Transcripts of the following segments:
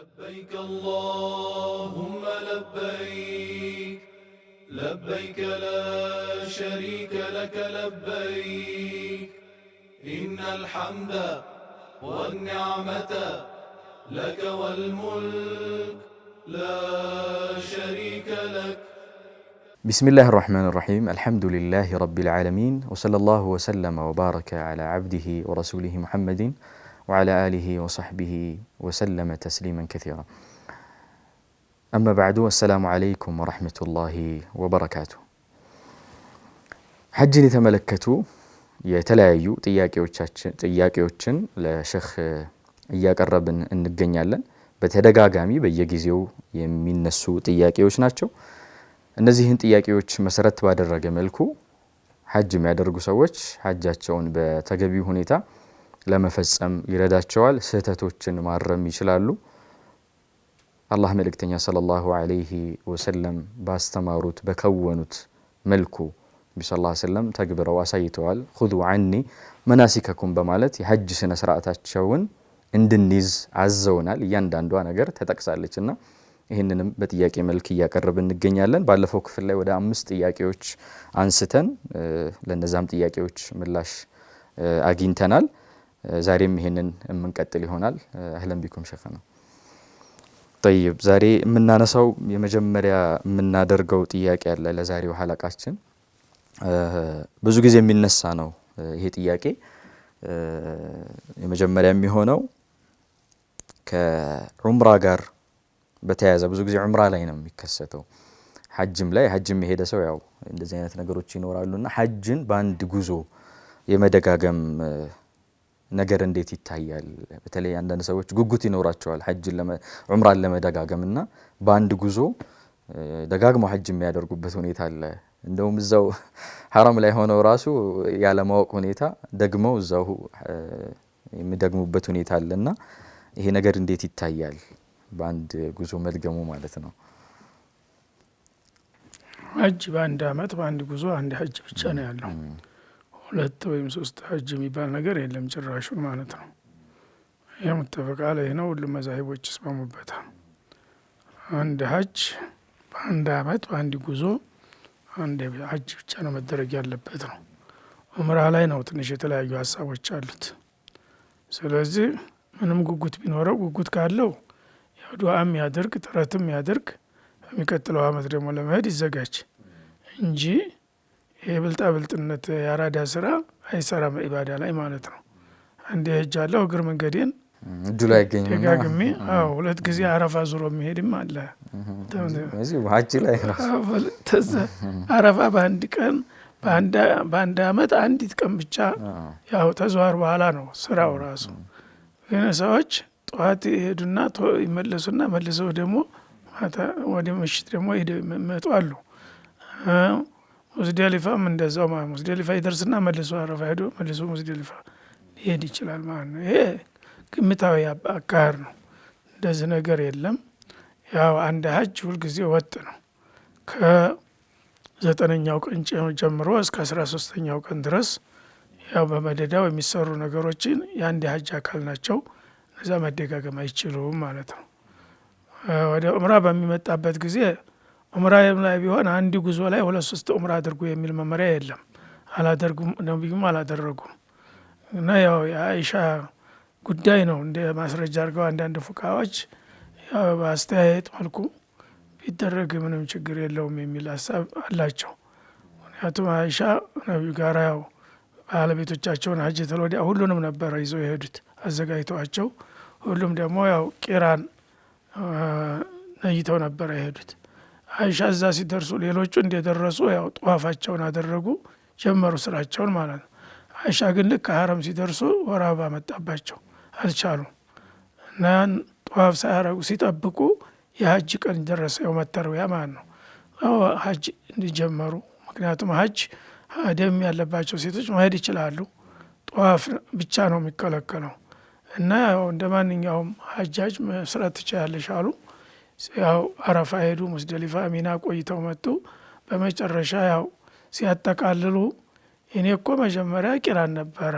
لبيك اللهم لبيك لبيك لا شريك لك لبيك إن الحمد والنعمة لك والملك لا شريك لك بسم الله الرحمن الرحيم الحمد لله رب العالمين وصلى الله وسلم وبارك على عبده ورسوله محمد وعلى آله وصحبه وسلم تسليما كثيرا أما بعد والسلام عليكم ورحمة الله وبركاته حجን የተመለከቱ የተለያዩ ጥያቄዎችን ለሸህ እያቀረብን እንገኛለን። በተደጋጋሚ በየጊዜው የሚነሱ ጥያቄዎች ናቸው። እነዚህን ጥያቄዎች መሰረት ባደረገ መልኩ ሐጅ የሚያደርጉ ሰዎች ሐጃቸውን በተገቢው ሁኔታ ለመፈጸም ይረዳቸዋል። ስህተቶችን ማረም ይችላሉ። አላህ መልእክተኛ ሰለላሁ ዐለይሂ ወሰለም ባስተማሩት በከወኑት መልኩ ነቢ ስ ሰለም ተግብረው አሳይተዋል። ሁዙ አኒ መናሲከኩም በማለት የሐጅ ስነ ስርዓታቸውን እንድንይዝ አዘውናል። እያንዳንዷ ነገር ተጠቅሳለች እና ይህንንም በጥያቄ መልክ እያቀረብ እንገኛለን። ባለፈው ክፍል ላይ ወደ አምስት ጥያቄዎች አንስተን ለእነዛም ጥያቄዎች ምላሽ አግኝተናል። ዛሬም ይሄንን የምንቀጥል ይሆናል። አህለን ቢኩም ሸይኽ ነው። ጠይብ ዛሬ የምናነሳው የመጀመሪያ የምናደርገው ጥያቄ አለ ለዛሬው ሀለቃችን ብዙ ጊዜ የሚነሳ ነው ይሄ ጥያቄ። የመጀመሪያ የሚሆነው ከዑምራ ጋር በተያያዘ ብዙ ጊዜ ዑምራ ላይ ነው የሚከሰተው። ሐጅም ላይ ሐጅም የሄደ ሰው ያው እንደዚህ አይነት ነገሮች ይኖራሉና ሐጅን በአንድ ጉዞ የመደጋገም ነገር እንዴት ይታያል? በተለይ አንዳንድ ሰዎች ጉጉት ይኖራቸዋል ሐጅን ዑምራን ለመደጋገም እና በአንድ ጉዞ ደጋግሞ ሐጅ የሚያደርጉበት ሁኔታ አለ። እንደውም እዛው ሐረም ላይ ሆነው ራሱ ያለማወቅ ሁኔታ ደግመው እዛው የሚደግሙበት ሁኔታ አለ እና ይሄ ነገር እንዴት ይታያል? በአንድ ጉዞ መድገሙ ማለት ነው። ሐጅ በአንድ አመት በአንድ ጉዞ አንድ ሐጅ ብቻ ነው ያለው። ሁለት ወይም ሶስት ሀጅ የሚባል ነገር የለም ጭራሹን ማለት ነው። ይህ ሙተፈቅ አለይህ ነው። ሁሉም መዛሂቦች ይስማሙበታል። አንድ ሀጅ በአንድ አመት በአንድ ጉዞ አንድ ሀጅ ብቻ ነው መደረግ ያለበት ነው። ኡምራ ላይ ነው ትንሽ የተለያዩ ሀሳቦች አሉት። ስለዚህ ምንም ጉጉት ቢኖረው ጉጉት ካለው ያው ዱዓም ጥረትም ያደርግ በሚቀጥለው አመት ደግሞ ለመሄድ ይዘጋጅ እንጂ የብልጣብልጥነት የአራዳ ስራ አይሰራም ኢባዳ ላይ ማለት ነው። አንዴ ሄጃለሁ እግር መንገዴን እጁ አይገኝም። ደጋግሜ ሁለት ጊዜ አረፋ ዙሮ የሚሄድም አለ። ሀጅ ላይ አረፋ በአንድ ቀን በአንድ አመት አንዲት ቀን ብቻ ያው ተዘዋር በኋላ ነው ስራው ራሱ። ግን ሰዎች ጠዋት ይሄዱና ይመለሱና መልሰው ደግሞ ወደ ምሽት ደግሞ ሄደው ይመጡ አሉ። ሙዝደሊፋም እንደዛው ማለት ሙዝደሊፋ ይደርስና መልሶ አረፋ ሄዶ መልሶ ሙዝደሊፋ ሊሄድ ይችላል ማለት ነው። ይሄ ግምታዊ አካሄድ ነው። እንደዚህ ነገር የለም። ያው አንድ ሀጅ ሁልጊዜ ወጥ ነው። ከዘጠነኛው ቀን ጀምሮ እስከ አስራ ሶስተኛው ቀን ድረስ ያው በመደዳው የሚሰሩ ነገሮችን የአንድ ሀጅ አካል ናቸው። እነዛ መደጋገም አይችሉም ማለት ነው። ወደ ኡምራ በሚመጣበት ጊዜ ዑምራ ላይ ቢሆን አንድ ጉዞ ላይ ሁለት ሶስት ዑምራ አድርጉ የሚል መመሪያ የለም። አላደርጉም ነቢዩም አላደረጉም እና ያው የአይሻ ጉዳይ ነው እንደ ማስረጃ አድርገው አንዳንድ ፉቃዎች በአስተያየት መልኩ ቢደረግ ምንም ችግር የለውም የሚል ሀሳብ አላቸው። ምክንያቱም አይሻ ነቢዩ ጋር ያው ባለቤቶቻቸውን ሀጅ ወዲያ ሁሉንም ነበረ ይዘው የሄዱት አዘጋጅተዋቸው፣ ሁሉም ደግሞ ያው ቂራን ነይተው ነበረ የሄዱት አይሻ እዛ ሲደርሱ ሌሎቹ እንደደረሱ ያው ጠዋፋቸውን አደረጉ፣ ጀመሩ ስራቸውን ማለት ነው። አይሻ ግን ልክ ሀረም ሲደርሱ ወር አበባ መጣባቸው፣ አልቻሉም። ያን ጠዋፍ ሳያረጉ ሲጠብቁ የሀጅ ቀን ደረሰ፣ ያው መተርቢያ ማለት ነው። ሀጅ እንዲጀመሩ ምክንያቱም ሀጅ ደም ያለባቸው ሴቶች መሄድ ይችላሉ። ጠዋፍ ብቻ ነው የሚከለከለው እና ያው እንደ ማንኛውም ሀጃጅ መስራት ትችላለሽ አሉ። ያው አረፋ ሄዱ፣ ሙስደሊፋ ሚና ቆይተው መጡ። በመጨረሻ ያው ሲያጠቃልሉ እኔ እኮ መጀመሪያ ቂራን ነበረ፣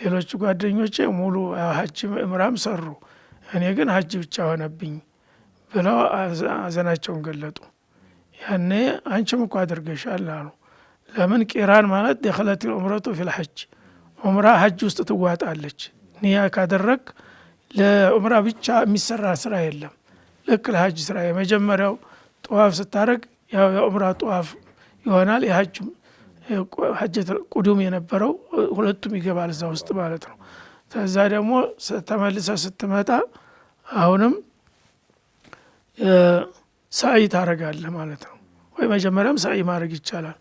ሌሎች ጓደኞቼ ሙሉ ሀጅ እምራም ሰሩ፣ እኔ ግን ሀጅ ብቻ ሆነብኝ ብለው አዘናቸውን ገለጡ። ያኔ አንቺም እኮ አድርገሻል አሉ። ለምን ቂራን ማለት ደኸለት ልዑምረቱ ፊልሐጅ ዑምራ ሀጅ ውስጥ ትዋጣለች። ኒያ ካደረግ ለዑምራ ብቻ የሚሰራ ስራ የለም ልክ ለሀጅ ስራ የመጀመሪያው ጠዋፍ ስታደረግ ያው የዑምራ ጠዋፍ ይሆናል። የሀጅም ሀጀት ቁዱም የነበረው ሁለቱም ይገባል እዛ ውስጥ ማለት ነው። ከዛ ደግሞ ተመልሰ ስትመጣ አሁንም ሳይ ታረጋለህ ማለት ነው። ወይ መጀመሪያም ሳይ ማድረግ ይቻላል።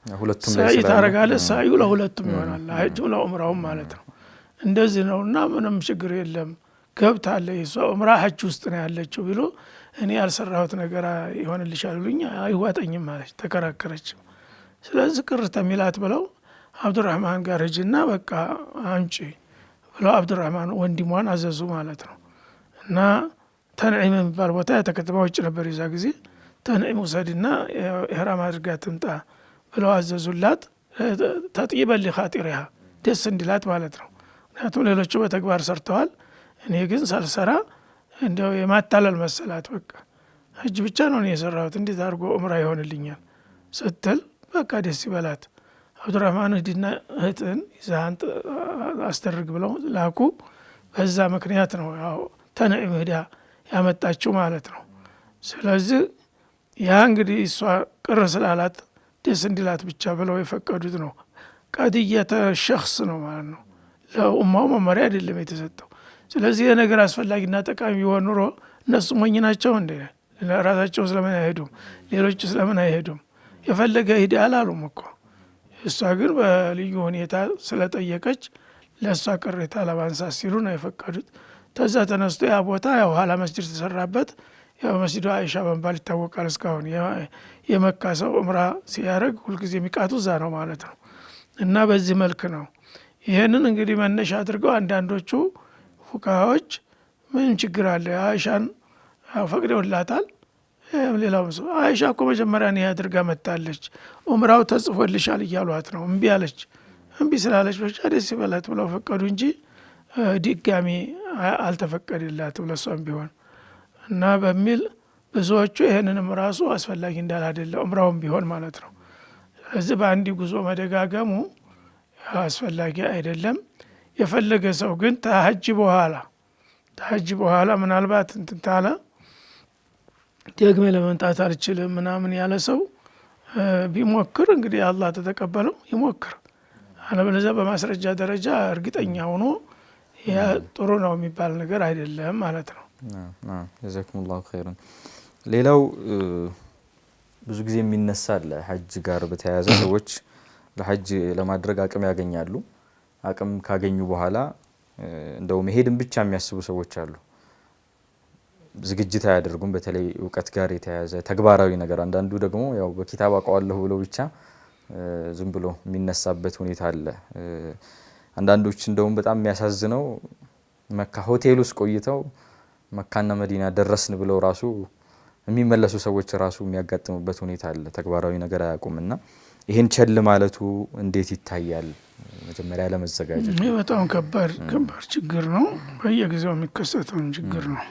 ሳይ ታረጋለህ። ሳዩ ለሁለቱም ይሆናል፣ ለሀጁም ለዑምራውም ማለት ነው። እንደዚህ ነው እና ምንም ችግር የለም። ገብታለህ የእሷ ዑምራ ሀጅ ውስጥ ነው ያለችው ቢሉ እኔ ያልሰራሁት ነገር ይሆንልሻል ብሉኝ አይዋጠኝም ማለች፣ ተከራከረችው። ስለዚህ ቅር ተሚላት ብለው አብዱራህማን ጋር ሂጂና በቃ አንጪ ብለው አብዱራህማን ወንድሟን አዘዙ ማለት ነው። እና ተንዒም የሚባል ቦታ የተከተማ ውጭ ነበር የዛ ጊዜ። ተንዒም ውሰድና ኢሕራም አድርጋ ትምጣ ብለው አዘዙላት። ተጥይበል ኻጢሪሃ ደስ እንዲላት ማለት ነው። ምክንያቱም ሌሎቹ በተግባር ሰርተዋል፣ እኔ ግን ሳልሰራ እንዲያው የማታለል መሰላት በቃ ሀጅ ብቻ ነው የሰራሁት እንዴት አድርጎ እምራ ይሆንልኛል ስትል በቃ ደስ ይበላት። አብዱራህማን እህድና እህትን ይዛን አስደርግ ብለው ላኩ። በዛ ምክንያት ነው ያው ተንዕም ሂዳ ያመጣችው ማለት ነው። ስለዚህ ያ እንግዲህ እሷ ቅር ስላላት ደስ እንዲላት ብቻ ብለው የፈቀዱት ነው። ቀድየተ ሸክስ ነው ማለት ነው። ለኡማው መመሪያ አይደለም የተሰጠው ስለዚህ የነገር አስፈላጊና ጠቃሚ ቢሆን ኑሮ እነሱ ሞኝ ናቸው እንደ ራሳቸው ስለምን አይሄዱም? ሌሎች ስለምን አይሄዱም? የፈለገ ሂድ አላሉም እኮ። እሷ ግን በልዩ ሁኔታ ስለጠየቀች ለእሷ ቅሬታ ለማንሳት ሲሉ ነው የፈቀዱት። ተዛ ተነስቶ ያ ቦታ ያው ኋላ መስጅድ ተሰራበት። ያው መስጅዱ አይሻ በመባል ይታወቃል። እስካሁን የመካ ሰው እምራ ሲያደረግ ሁልጊዜ የሚቃቱ እዛ ነው ማለት ነው። እና በዚህ መልክ ነው ይህንን እንግዲህ መነሻ አድርገው አንዳንዶቹ ፉካዎች ምን ችግር አለ? አይሻን ፈቅደውላታል። ሌላውም ሰው አይሻ እኮ መጀመሪያ ኒህ አድርጋ መታለች ኡምራው ተጽፎልሻል እያሏት ነው። እምቢ አለች። እምቢ ስላለች ብቻ ደስ ይበላት ብለው ፈቀዱ እንጂ ድጋሚ አልተፈቀደላት ለሷም ቢሆን እና በሚል ብዙዎቹ ይህንንም ራሱ አስፈላጊ እንዳላደለ እምራውም ኡምራውም ቢሆን ማለት ነው። እዚህ በአንድ ጉዞ መደጋገሙ አስፈላጊ አይደለም። የፈለገ ሰው ግን ተሀጅ በኋላ ተሀጅ በኋላ ምናልባት እንትንታለ ደግመ ለመምጣት አልችልም ምናምን ያለ ሰው ቢሞክር እንግዲህ አላህ ተተቀበለው ይሞክር። አለበለዚያ በማስረጃ ደረጃ እርግጠኛ ሆኖ ጥሩ ነው የሚባል ነገር አይደለም ማለት ነው። ጀዛኩሙላሁ ኸይረን። ሌላው ብዙ ጊዜ የሚነሳ አለ ሀጅ ጋር በተያያዘ ሰዎች ለሀጅ ለማድረግ አቅም ያገኛሉ አቅም ካገኙ በኋላ እንደው መሄድን ብቻ የሚያስቡ ሰዎች አሉ። ዝግጅት አያደርጉም። በተለይ እውቀት ጋር የተያያዘ ተግባራዊ ነገር። አንዳንዱ ደግሞ ያው በኪታብ አውቀዋለሁ ብሎ ብቻ ዝም ብሎ የሚነሳበት ሁኔታ አለ። አንዳንዶች እንደውም በጣም የሚያሳዝነው መካ ሆቴል ውስጥ ቆይተው መካና መዲና ደረስን ብለው ራሱ የሚመለሱ ሰዎች ራሱ የሚያጋጥሙበት ሁኔታ አለ። ተግባራዊ ነገር አያውቁም እና ይህን ቸል ማለቱ እንዴት ይታያል? መጀመሪያ ለመዘጋጀት በጣም ከባድ ከባድ ችግር ነው። በየጊዜው የሚከሰተውን ችግር ነው።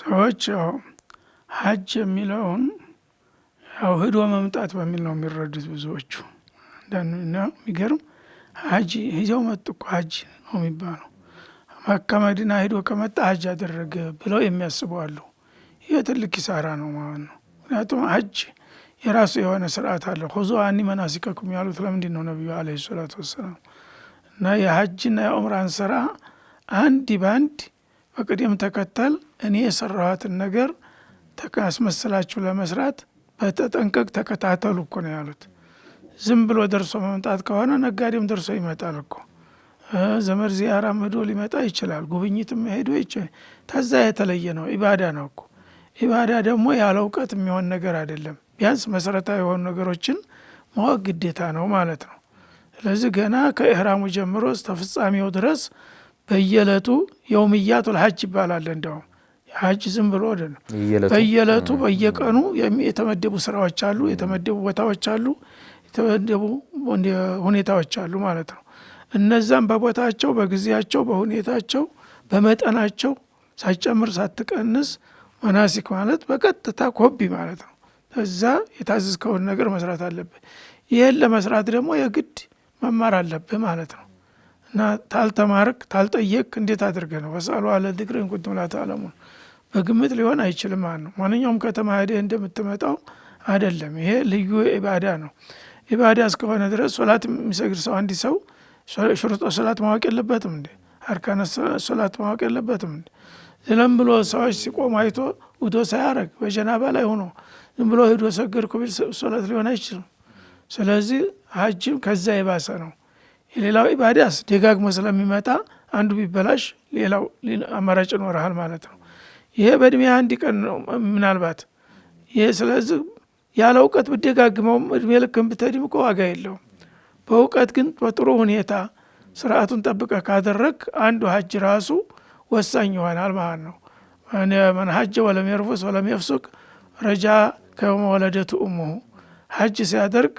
ሰዎች ያው ሀጅ የሚለውን ያው ህዶ መምጣት በሚል ነው የሚረዱት ብዙዎቹ። አንዳንድ የሚገርም ሀጅ ሂደው መጡ እኮ ሀጅ ነው የሚባለው። መካ መዲና ሂዶ ከመጣ ሀጅ አደረገ ብለው የሚያስበዋሉ። ይህ ትልቅ ኪሳራ ነው ማለት ነው። ምክንያቱም ሀጅ የራሱ የሆነ ስርዓት አለ ሁዙ አኒ መናሲከኩም ያሉት ለምንድ ነው ነቢዩ አለ ሰላት ወሰላም? እና የሀጅና የኦምራን ስራ አንድ በአንድ በቅደም ተከተል እኔ የሰራኋትን ነገር አስመስላችሁ ለመስራት በተጠንቀቅ ተከታተሉ እኮ ነው ያሉት። ዝም ብሎ ደርሶ መምጣት ከሆነ ነጋዴም ደርሶ ይመጣል እኮ ዘመድ ዚያራ ሄዶ ሊመጣ ይችላል። ጉብኝትም ሄዶ ተዛ የተለየ ነው፣ ኢባዳ ነው እኮ ኢባዳ ደግሞ ያለ እውቀት የሚሆን ነገር አይደለም። ቢያንስ መሰረታዊ የሆኑ ነገሮችን ማወቅ ግዴታ ነው ማለት ነው። ስለዚህ ገና ከኢህራሙ ጀምሮ እስከ ፍጻሜው ድረስ በየዕለቱ የውምያቱ ልሐጅ ይባላል። እንደውም የሐጅ ዝም ብሎ በየዕለቱ በየቀኑ የተመደቡ ስራዎች አሉ፣ የተመደቡ ቦታዎች አሉ፣ የተመደቡ ሁኔታዎች አሉ ማለት ነው። እነዛም በቦታቸው፣ በጊዜያቸው፣ በሁኔታቸው፣ በመጠናቸው ሳጨምር ሳትቀንስ ወናሲክ ማለት በቀጥታ ኮቢ ማለት ነው። እዛ የታዘዝከውን ነገር መስራት አለብህ። ይህን ለመስራት ደግሞ የግድ መማር አለብህ ማለት ነው። እና ታልተማርክ ታልጠየቅ እንዴት አድርገ ነው? ወስአሉ አለ ዚክሪ ኢን ኩንቱም በግምት ሊሆን አይችልም ማለት ነው። ማንኛውም ከተማ ሄደህ እንደምትመጣው አይደለም። ይሄ ልዩ ኢባዳ ነው። ኢባዳ እስከሆነ ድረስ ሶላት የሚሰግድ ሰው አንድ ሰው ሽሩጦ ሶላት ማወቅ የለበትም እንዴ? አርካነ ሶላት ማወቅ የለበትም እንዴ? ዝለም ብሎ ሰዎች ሲቆሙ አይቶ ውዶ ሳያረግ በጀናባ ላይ ሆኖ ዝም ብሎ ሂዶ ሰገድኩ ቢል ሶለት ሊሆን አይችልም። ስለዚህ ሀጅም ከዛ የባሰ ነው። የሌላው ኢባዳስ ደጋግሞ ስለሚመጣ አንዱ ቢበላሽ ሌላው አማራጭ ይኖርሃል ማለት ነው። ይሄ በእድሜ አንድ ቀን ነው ምናልባት ይሄ ስለዚህ ያለ እውቀት ብደጋግመውም እድሜ ልክም ብተድምቆ ዋጋ የለውም። በእውቀት ግን በጥሩ ሁኔታ ስርዓቱን ጠብቀ ካደረግ አንዱ ሀጅ ራሱ ወሳኝ ይሆናል ማለት ነው። መን ሀጀ ወለም የርፉስ ወለም የፍሱቅ ረጃ ከመወለደቱ እሙሁ ሀጅ ሲያደርግ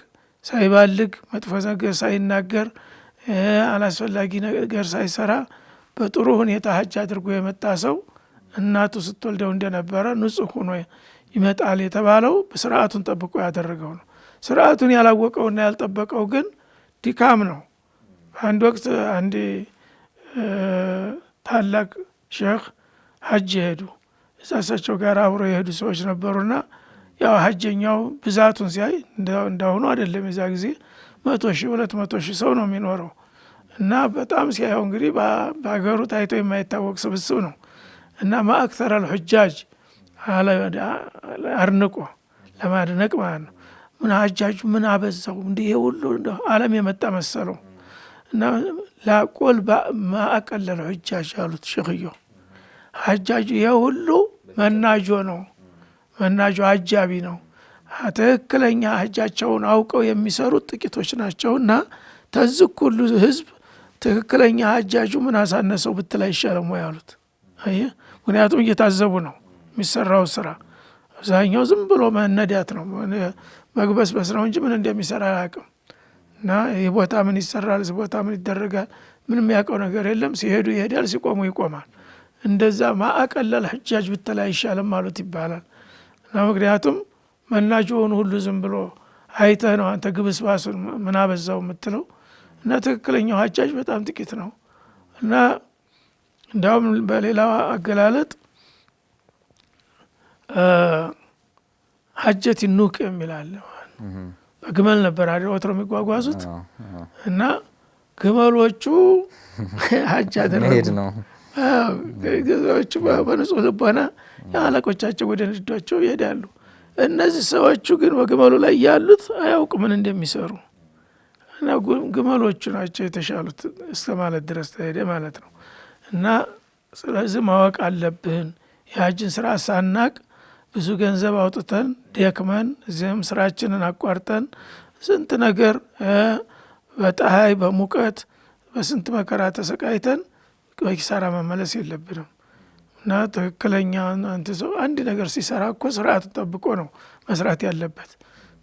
ሳይባልግ መጥፎ ነገር ሳይናገር አላስፈላጊ ነገር ሳይሰራ በጥሩ ሁኔታ ሀጅ አድርጎ የመጣ ሰው እናቱ ስትወልደው እንደነበረ ንጹህ ሆኖ ይመጣል የተባለው ስርዓቱን ጠብቆ ያደረገው ነው። ስርዓቱን ያላወቀውና ያልጠበቀው ግን ድካም ነው። በአንድ ወቅት አንድ ታላቅ ሼክ ሀጅ የሄዱ እዛ ጋር አብሮ የሄዱ ሰዎች ነበሩና ያው ሀጀኛው ብዛቱን ሲያይ እንዳሁኑ አይደለም። የዛ ጊዜ መቶ ሺህ ሁለት መቶ ሺህ ሰው ነው የሚኖረው እና በጣም ሲያየው እንግዲህ በሀገሩ ታይቶ የማይታወቅ ስብስብ ነው እና ማአክተር አልሑጃጅ አድንቆ ለማድነቅ ማለት ነው። ምን ሀጃጁ ምን አበዛው እንዲህ ሁሉ ዓለም የመጣ መሰለው እና ላቁል ማዕቀል ለልሑጃጅ አሉት ሽክዮ ሐጃጁ ይህ ሁሉ መናጆ ነው። መናጆ አጃቢ ነው። ትክክለኛ ሐጃቸውን አውቀው የሚሰሩት ጥቂቶች ናቸው እና ተዝክ ሁሉ ህዝብ ትክክለኛ ሐጃጁ ምን አሳነሰው ብትል አይሻልም ወይ አሉት። ምክንያቱም እየታዘቡ ነው የሚሰራው ስራ። አብዛኛው ዝም ብሎ መነዳት ነው መግበስበስ ነው እንጂ ምን እንደሚሰራ አያውቅም። እና ይህ ቦታ ምን ይሰራል፣ እዚህ ቦታ ምን ይደረጋል፣ ምን የሚያውቀው ነገር የለም። ሲሄዱ ይሄዳል፣ ሲቆሙ ይቆማል። እንደዛ ማዕቀለል ሕጃጅ ብትላይ አይሻልም ማለት ይባላል እና ምክንያቱም መናቸውን ሁሉ ዝም ብሎ አይተህ ነው አንተ ግብስ ባሱን ምናበዛው የምትለው እና ትክክለኛው ሀጃጅ በጣም ጥቂት ነው እና እንዲያውም በሌላ አገላለጥ ሀጀት ኑቅ የሚላለ በግመል ነበር አይደል ወትሮ የሚጓጓዙት እና ግመሎቹ ሀጅ አደረጉ። ግዞቹ በንጹህ ልቦና የአለቆቻቸው ወደ ንዳቸው ይሄዳሉ። እነዚህ ሰዎቹ ግን በግመሉ ላይ ያሉት አያውቅ ምን እንደሚሰሩ እና ግመሎቹ ናቸው የተሻሉት እስከ ማለት ድረስ ተሄደ ማለት ነው። እና ስለዚህ ማወቅ አለብህን የሀጅን ስራ ሳናቅ ብዙ ገንዘብ አውጥተን ደክመን እዚህም ስራችንን አቋርጠን ስንት ነገር በፀሐይ በሙቀት በስንት መከራ ተሰቃይተን በኪሳራ መመለስ የለብንም እና ትክክለኛ አንተ ሰው አንድ ነገር ሲሰራ እኮ ስርዓቱን ጠብቆ ነው መስራት ያለበት።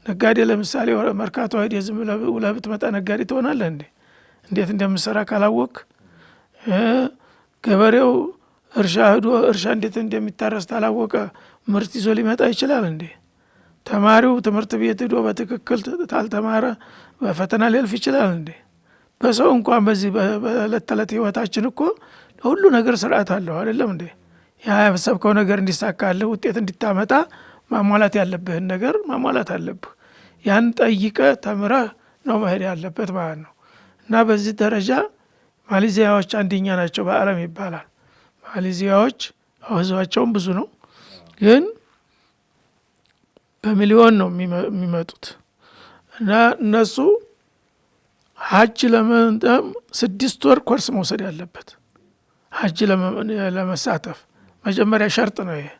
ነጋዴ ለምሳሌ መርካቶ ሄደህ ዝም ብለህ ብትመጣ ነጋዴ ትሆናለህ እንዴ? እንዴት እንደምሰራ ካላወቅ ገበሬው እርሻ ህዶ እርሻ እንዴት እንደሚታረስ ታላወቀ ምርት ይዞ ሊመጣ ይችላል እንዴ? ተማሪው ትምህርት ቤት ሂዶ በትክክል ታልተማረ በፈተና ሊልፍ ይችላል እንዴ? በሰው እንኳን በዚህ በዕለት ተዕለት ህይወታችን እኮ ሁሉ ነገር ስርዓት አለው አይደለም እንዴ? ያ ያሰብከው ነገር እንዲሳካልህ ውጤት እንዲታመጣ ማሟላት ያለብህን ነገር ማሟላት አለብህ። ያን ጠይቀ ተምረህ ነው መሄድ ያለበት ማለት ነው። እና በዚህ ደረጃ ማሌዚያዎች አንደኛ ናቸው በዓለም ይባላል። ማሌዚያዎች ህዝባቸውም ብዙ ነው፣ ግን በሚሊዮን ነው የሚመጡት እና እነሱ ሀጅ ለመንጠም ስድስት ወር ኮርስ መውሰድ ያለበት ሀጅ ለመሳተፍ መጀመሪያ ሸርጥ ነው ይሄ።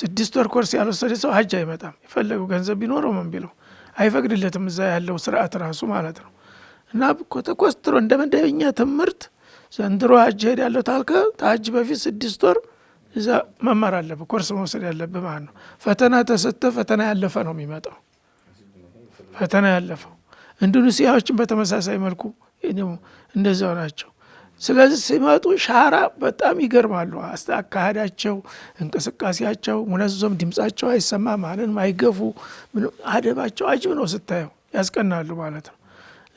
ስድስት ወር ኮርስ ያልወሰደ ሰው ሀጅ አይመጣም። የፈለገው ገንዘብ ቢኖረው ምን ቢለው አይፈቅድለትም፣ እዛ ያለው ስርዓት ራሱ ማለት ነው። እና ተኮስትሮ እንደ መደበኛ ትምህርት ዘንድሮ ሀጅ ሄድ ያለው ታልከ ታጅ በፊት ስድስት ወር እዛ መማር አለብ ኮርስ መውሰድ ያለብ ማለት ነው። ፈተና ተሰጥተ ፈተና ያለፈ ነው የሚመጣው። ፈተና ያለፈው ሲያዎችን በተመሳሳይ መልኩ እንደዛው ናቸው። ስለዚህ ሲመጡ ሻራ በጣም ይገርማሉ። አካሄዳቸው፣ እንቅስቃሴያቸው፣ ሙነዞም ድምጻቸው አይሰማ ማንን ማይገፉ አደባቸው አጅብ ነው ስታየው፣ ያስቀናሉ ማለት ነው።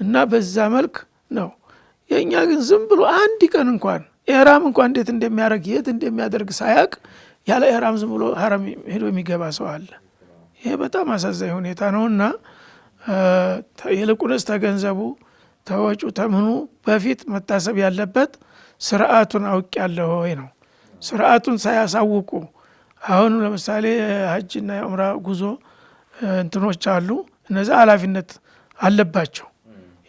እና በዛ መልክ ነው የእኛ ግን ዝም ብሎ አንድ ቀን እንኳን ኤራም እንኳን እንዴት እንደሚያደርግ የት እንደሚያደርግ ሳያቅ ያለ ኤራም ዝም ብሎ ሀረም ሄዶ የሚገባ ሰው አለ። ይሄ በጣም አሳዛኝ ሁኔታ ነው እና ይልቁንስ ተገንዘቡ ተወጩ ተምኑ በፊት መታሰብ ያለበት ስርዓቱን አውቅ ያለ ወይ ነው። ስርዓቱን ሳያሳውቁ አሁን ለምሳሌ የሀጅና የዑምራ ጉዞ እንትኖች አሉ። እነዚ ኃላፊነት አለባቸው።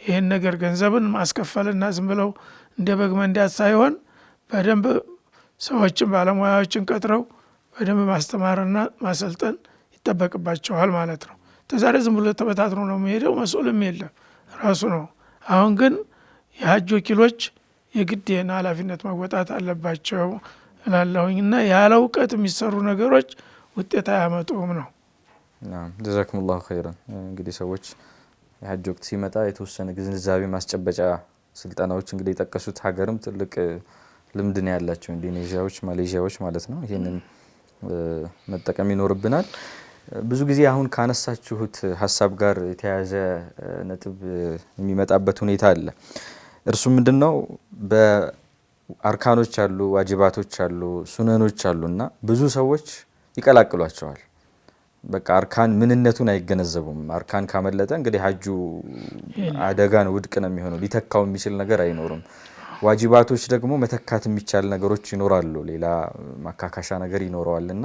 ይህን ነገር ገንዘብን ማስከፈልና ዝም ብለው እንደ በግ መንዳት ሳይሆን በደንብ ሰዎችን ባለሙያዎችን ቀጥረው በደንብ ማስተማርና ማሰልጠን ይጠበቅባቸዋል ማለት ነው። ተዛሬ ዝም ብሎ ተበታትኖ ነው የሚሄደው፣ መስኡልም የለም ራሱ ነው። አሁን ግን የሀጅ ወኪሎች የግዴና ሀላፊነት ኃላፊነት መወጣት አለባቸው እላለሁኝ እና ያለ እውቀት የሚሰሩ ነገሮች ውጤት አያመጡም ነው። ጀዛኩም ላሁ ኸይረን እንግዲህ ሰዎች የሀጅ ወቅት ሲመጣ የተወሰነ ግንዛቤ ማስጨበጫ ስልጠናዎች እንግዲህ የጠቀሱት ሀገርም ትልቅ ልምድን ያላቸው ኢንዶኔዥያዎች፣ ማሌዥያዎች ማለት ነው። ይህንን መጠቀም ይኖርብናል። ብዙ ጊዜ አሁን ካነሳችሁት ሀሳብ ጋር የተያያዘ ነጥብ የሚመጣበት ሁኔታ አለ። እርሱ ምንድን ነው? በአርካኖች አሉ፣ ዋጅባቶች አሉ፣ ሱነኖች አሉ እና ብዙ ሰዎች ይቀላቅሏቸዋል። በቃ አርካን ምንነቱን አይገነዘቡም። አርካን ካመለጠ እንግዲህ ሀጁ አደጋን ውድቅ ነው የሚሆነው። ሊተካው የሚችል ነገር አይኖርም። ዋጅባቶች ደግሞ መተካት የሚቻል ነገሮች ይኖራሉ። ሌላ ማካካሻ ነገር ይኖረዋል እና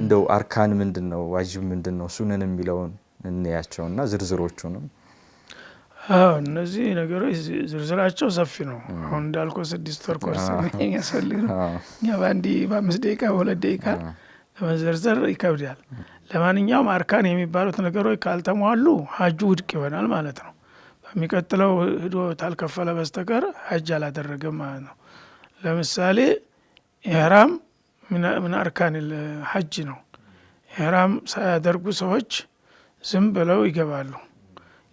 እንደው አርካን ምንድን ነው ዋጅብ ምንድን ነው የሚለውን እንያቸው ዝርዝሮቹንም እነዚህ ነገሮች ዝርዝራቸው ሰፊ ነው። አሁን እንዳልኮ ስድስት ወር ኮርስ የሚያስፈልግ ነው። በአንድ በአምስት ደቂቃ በሁለት ደቂቃ ለመዘርዘር ይከብዳል። ለማንኛውም አርካን የሚባሉት ነገሮች ካልተሟሉ ሀጁ ውድቅ ይሆናል ማለት ነው። በሚቀጥለው ህዶ ታልከፈለ በስተቀር ሀጅ አላደረገም ማለት ነው። ለምሳሌ ኢህራም ምን አርካን ሀጅ ነው። ኢህራም ሳያደርጉ ሰዎች ዝም ብለው ይገባሉ።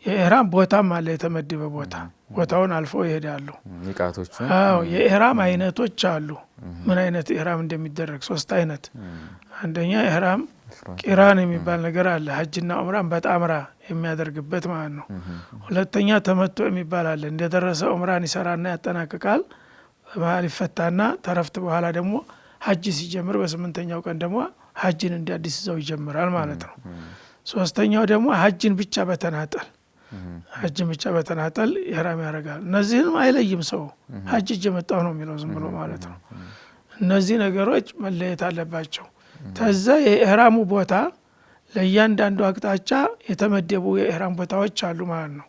የኢህራም ቦታም አለ የተመደበ ቦታ ቦታውን አልፎ ይሄዳሉ። አዎ የኢህራም አይነቶች አሉ። ምን አይነት ኢህራም እንደሚደረግ ሶስት አይነት። አንደኛ ኢህራም ቂራን የሚባል ነገር አለ፣ ሀጅና ኡምራን በጣምራ የሚያደርግበት ማለት ነው። ሁለተኛ ተመቶ የሚባል አለ። እንደደረሰ ኡምራን ይሰራና ያጠናቅቃል። በመሀል ይፈታና ተረፍት በኋላ ደግሞ ሀጅ ሲጀምር በስምንተኛው ቀን ደግሞ ሀጅን እንዲ አዲስ ይዘው ይጀምራል ማለት ነው። ሶስተኛው ደግሞ ሀጅን ብቻ በተናጠል ሀጅ ብቻ በተናጠል ኢህራም ያደርጋል። እነዚህንም አይለይም ሰው ሀጅ እጅ የመጣው ነው የሚለው ዝም ብሎ ማለት ነው። እነዚህ ነገሮች መለየት አለባቸው። ከዛ የኢህራሙ ቦታ ለእያንዳንዱ አቅጣጫ የተመደቡ የኢህራም ቦታዎች አሉ ማለት ነው።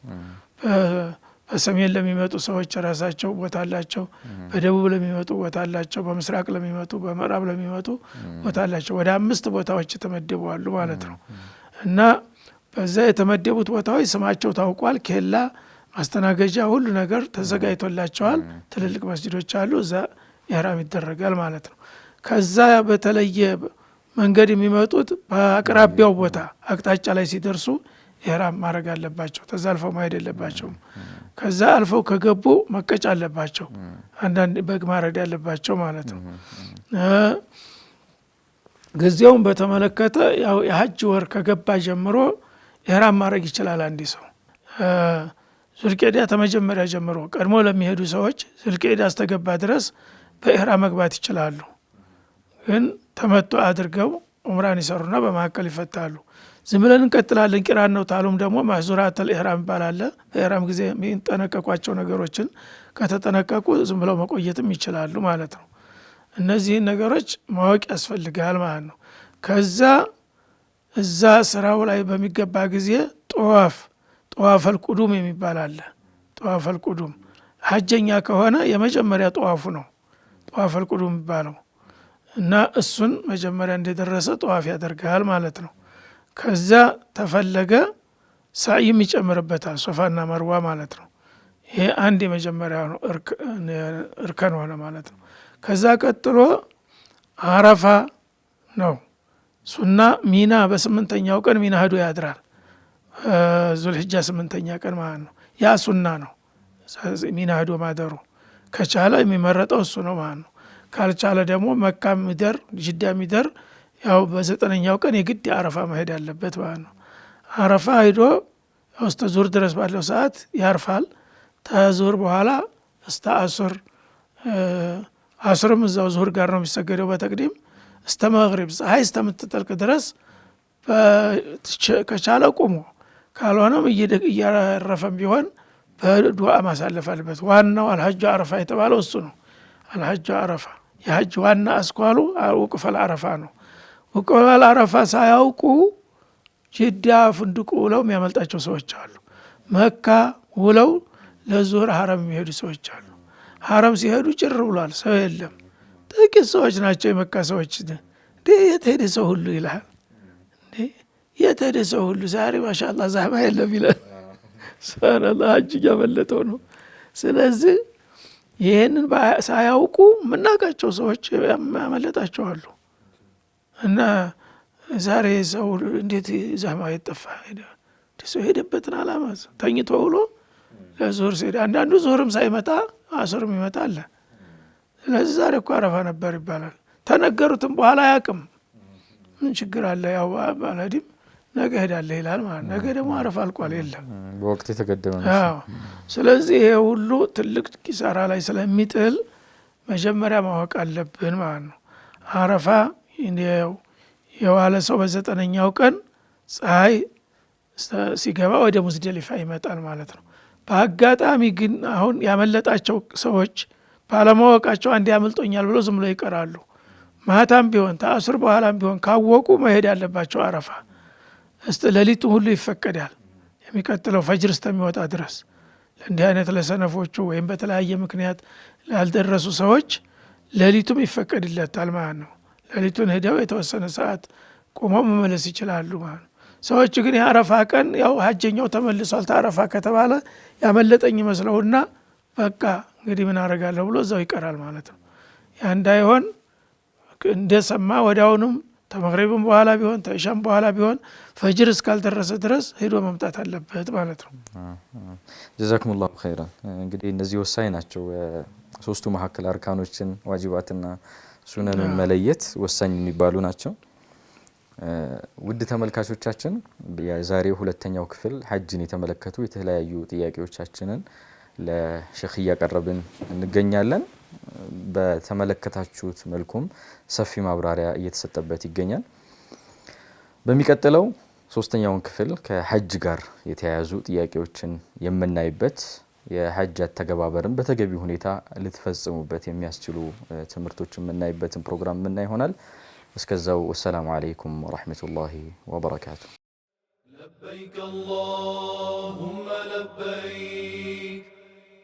በሰሜን ለሚመጡ ሰዎች ራሳቸው ቦታ አላቸው። በደቡብ ለሚመጡ ቦታ አላቸው። በምስራቅ ለሚመጡ፣ በምዕራብ ለሚመጡ ቦታ አላቸው። ወደ አምስት ቦታዎች የተመደቡ አሉ ማለት ነው እና እዛ የተመደቡት ቦታዎች ስማቸው ታውቋል። ኬላ ማስተናገጃ፣ ሁሉ ነገር ተዘጋጅቶላቸዋል። ትልልቅ መስጅዶች አሉ። እዛ ኢህራም ይደረጋል ማለት ነው። ከዛ በተለየ መንገድ የሚመጡት በአቅራቢያው ቦታ አቅጣጫ ላይ ሲደርሱ ኢህራም ማድረግ አለባቸው። ተዛ አልፈው ማሄድ የለባቸውም። ከዛ አልፈው ከገቡ መቀጫ አለባቸው። አንዳንድ በግ ማረድ ያለባቸው ማለት ነው። ጊዜውን በተመለከተ ያው የሀጅ ወር ከገባ ጀምሮ ኢህራም ማድረግ ይችላል። አንድ ሰው ዙልቄዳ ተመጀመሪያ ጀምሮ ቀድሞ ለሚሄዱ ሰዎች ዙልቄዳ አስተገባ ድረስ በኢህራ መግባት ይችላሉ። ግን ተመቶ አድርገው ኡምራን ይሰሩና በመካከል ይፈታሉ። ዝም ብለን እንቀጥላለን። ቂራን ነው ታሉም ደግሞ ማህዙራተል ኢህራም ይባላለ በኢህራም ጊዜ የሚጠነቀቋቸው ነገሮችን ከተጠነቀቁ ዝም ብለው መቆየትም ይችላሉ ማለት ነው። እነዚህን ነገሮች ማወቅ ያስፈልጋል ማለት ነው ከዛ እዛ ስራው ላይ በሚገባ ጊዜ ጠዋፍ ጠዋፈል ቁዱም የሚባል አለ። ጠዋፈል ቁዱም ሀጀኛ ከሆነ የመጀመሪያ ጠዋፉ ነው ጠዋፈል ቁዱም የሚባለው እና እሱን መጀመሪያ እንደደረሰ ጠዋፍ ያደርጋል ማለት ነው። ከዛ ተፈለገ ሳይም ይጨምርበታል ሶፋና መርዋ ማለት ነው። ይሄ አንድ የመጀመሪያ እርከን ሆነ ማለት ነው። ከዛ ቀጥሎ አረፋ ነው። ሱና ሚና በስምንተኛው ቀን ሚና ህዶ ያድራል። ዙልሕጃ ስምንተኛ ቀን ማለት ነው። ያ ሱና ነው ሚና ህዶ ማደሩ። ከቻለ የሚመረጠው እሱ ነው ማለት ነው። ካልቻለ ደግሞ መካ ሚደር ጅዳ ሚደር ያው በዘጠነኛው ቀን የግድ አረፋ መሄድ አለበት ማለት ነው። አረፋ ሂዶ እስተ ዙር ድረስ ባለው ሰዓት ያርፋል። ተዙር በኋላ እስተ አሱር አሱርም እዛው ዙሁር ጋር ነው የሚሰገደው በተቅዲም እስተ መግሪብ ፀሐይ እስከምትጠልቅ ድረስ ከቻለ ቁሞ ካልሆነም እያረፈም ቢሆን በዱዓ ማሳለፍ አለበት። ዋናው አልሀጅ አረፋ የተባለው እሱ ነው። አልሀጅ አረፋ የሀጅ ዋና አስኳሉ ውቅፈል አረፋ ነው። ውቅፈል አረፋ ሳያውቁ ጅዳ ፍንድቁ ውለው የሚያመልጣቸው ሰዎች አሉ። መካ ውለው ለዙር ሀረም የሚሄዱ ሰዎች አሉ። ሀረም ሲሄዱ ጭር ብሏል፣ ሰው የለም። ጥቂት ሰዎች ናቸው የመካ ሰዎች። የተሄደ የት ሄደ ሰው ሁሉ ይልሃል። የተሄደ የት ሄደ ሰው ሁሉ ዛሬ ማሻላ ዛህማ የለም ይላል። ስብናላ ሀጅ እያመለጠው ነው። ስለዚህ ይህንን ሳያውቁ የምናውቃቸው ሰዎች ያመለጣቸዋሉ። እና ዛሬ ሰው እንዴት ዛህማ የጠፋ ሄደ ሰው ሄደበትን አላማ ተኝቶ ውሎ ለዙር ሲሄድ አንዳንዱ ዙርም ሳይመጣ አሱርም ይመጣ አለ ስለዚህ ዛሬ እኮ አረፋ ነበር ይባላል። ተነገሩትም በኋላ አያውቅም። ምን ችግር አለ? ያው ባለዲም ነገ ሄዳለ ይላል ማለት ነገ ደግሞ አረፋ አልቋል የለም በወቅት የተገደበ ስለዚህ ይሄ ሁሉ ትልቅ ኪሳራ ላይ ስለሚጥል መጀመሪያ ማወቅ አለብን ማለት ነው። አረፋ የዋለ ሰው በዘጠነኛው ቀን ፀሐይ ሲገባ ወደ ሙዝደሊፋ ይመጣል ማለት ነው። በአጋጣሚ ግን አሁን ያመለጣቸው ሰዎች ባለማወቃቸው አንድ ያመልጦኛል ብሎ ዝም ብሎ ይቀራሉ። ማታም ቢሆን ተአስር በኋላም ቢሆን ካወቁ መሄድ ያለባቸው አረፋ። እስ ለሊቱ ሁሉ ይፈቀዳል የሚቀጥለው ፈጅር እስከሚወጣ ድረስ ለእንዲህ አይነት ለሰነፎቹ ወይም በተለያየ ምክንያት ላልደረሱ ሰዎች ለሊቱም ይፈቀድለታል ማለት ነው። ለሊቱን ሄደው የተወሰነ ሰዓት ቁመው መመለስ ይችላሉ ማለት ነው። ሰዎች ግን የአረፋ ቀን ያው ሀጀኛው ተመልሷል ተአረፋ ከተባለ ያመለጠኝ መስለውና በቃ እንግዲህ ምን አረጋለሁ ብሎ እዛው ይቀራል ማለት ነው። ያ እንዳይሆን እንደሰማ ወዲያውኑም ተመግሪብም በኋላ ቢሆን ተእሻም በኋላ ቢሆን ፈጅር እስካልደረሰ ድረስ ሄዶ መምጣት አለበት ማለት ነው። ጀዛኩም ላሁ ኸይራ። እንግዲህ እነዚህ ወሳኝ ናቸው። ሶስቱ መካከል አርካኖችን ዋጅባትና ሱነንን መለየት ወሳኝ የሚባሉ ናቸው። ውድ ተመልካቾቻችን የዛሬው ሁለተኛው ክፍል ሀጅን የተመለከቱ የተለያዩ ጥያቄዎቻችንን ለሼክ እያቀረብን እንገኛለን። በተመለከታችሁት መልኩም ሰፊ ማብራሪያ እየተሰጠበት ይገኛል። በሚቀጥለው ሶስተኛውን ክፍል ከሀጅ ጋር የተያያዙ ጥያቄዎችን የምናይበት የሀጅ አተገባበርን በተገቢ ሁኔታ ልትፈጽሙበት የሚያስችሉ ትምህርቶች የምናይበትን ፕሮግራም የምና ይሆናል። እስከዛው ወሰላሙ አለይኩም ወረህመቱላሂ ወበረካቱ። ለበይክ አላሁመ ለበይክ